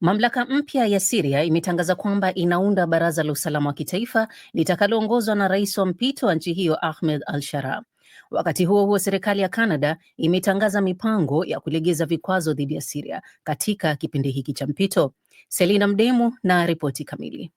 Mamlaka mpya ya Siria imetangaza kwamba inaunda baraza la usalama wa kitaifa litakaloongozwa na rais wa mpito wa nchi hiyo Ahmed al shara Wakati huo huo, serikali ya Canada imetangaza mipango ya kulegeza vikwazo dhidi ya Siria katika kipindi hiki cha mpito. Selina Mdemu na ripoti kamili.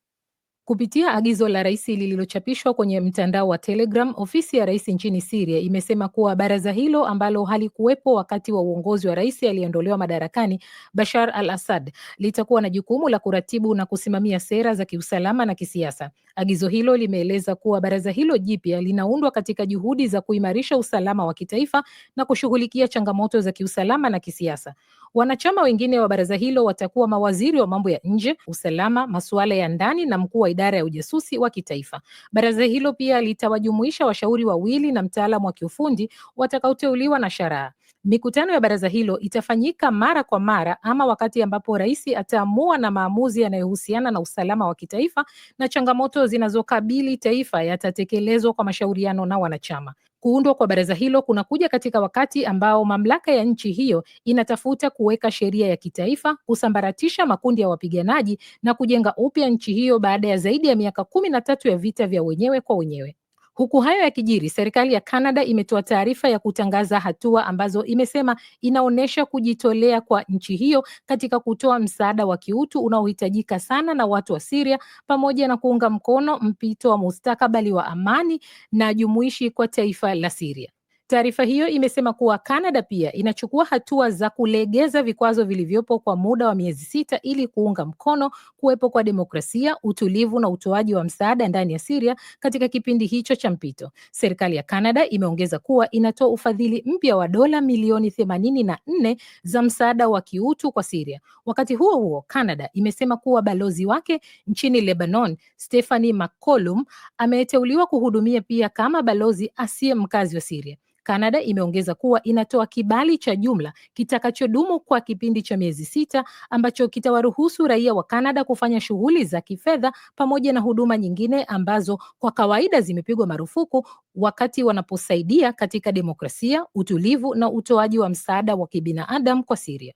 Kupitia agizo la rais lililochapishwa kwenye mtandao wa Telegram, ofisi ya rais nchini siria imesema kuwa baraza hilo ambalo halikuwepo wakati wa uongozi wa rais aliyeondolewa madarakani Bashar al-Assad litakuwa na jukumu la kuratibu na kusimamia sera za kiusalama na kisiasa. Agizo hilo limeeleza kuwa baraza hilo jipya linaundwa katika juhudi za kuimarisha usalama wa kitaifa na kushughulikia changamoto za kiusalama na kisiasa. Wanachama wengine wa baraza hilo watakuwa mawaziri wa mambo ya nje, usalama, masuala ya ndani na mkuu wa idara ya ujasusi wa kitaifa. Baraza hilo pia litawajumuisha washauri wawili na mtaalamu wa kiufundi watakaoteuliwa na Sharaha. Mikutano ya baraza hilo itafanyika mara kwa mara ama wakati ambapo rais ataamua na maamuzi yanayohusiana na usalama wa kitaifa na changamoto zinazokabili taifa yatatekelezwa kwa mashauriano na wanachama. Kuundwa kwa baraza hilo kunakuja katika wakati ambao mamlaka ya nchi hiyo inatafuta kuweka sheria ya kitaifa kusambaratisha makundi ya wapiganaji na kujenga upya nchi hiyo baada ya zaidi ya miaka kumi na tatu ya vita vya wenyewe kwa wenyewe. Huku hayo yakijiri, serikali ya Canada imetoa taarifa ya kutangaza hatua ambazo imesema inaonyesha kujitolea kwa nchi hiyo katika kutoa msaada wa kiutu unaohitajika sana na watu wa Syria pamoja na kuunga mkono mpito wa mustakabali wa amani na jumuishi kwa taifa la Syria. Taarifa hiyo imesema kuwa canada pia inachukua hatua za kulegeza vikwazo vilivyopo kwa muda wa miezi sita ili kuunga mkono kuwepo kwa demokrasia, utulivu na utoaji wa msaada ndani ya Syria katika kipindi hicho cha mpito. Serikali ya canada imeongeza kuwa inatoa ufadhili mpya wa dola milioni themanini na nne za msaada wa kiutu kwa Syria. Wakati huo huo, canada imesema kuwa balozi wake nchini Lebanon, Stephanie McCollum, ameteuliwa kuhudumia pia kama balozi asiye mkazi wa Syria. Kanada imeongeza kuwa inatoa kibali cha jumla kitakachodumu kwa kipindi cha miezi sita ambacho kitawaruhusu raia wa Kanada kufanya shughuli za kifedha pamoja na huduma nyingine ambazo kwa kawaida zimepigwa marufuku wakati wanaposaidia katika demokrasia, utulivu na utoaji wa msaada wa kibinadamu kwa Syria.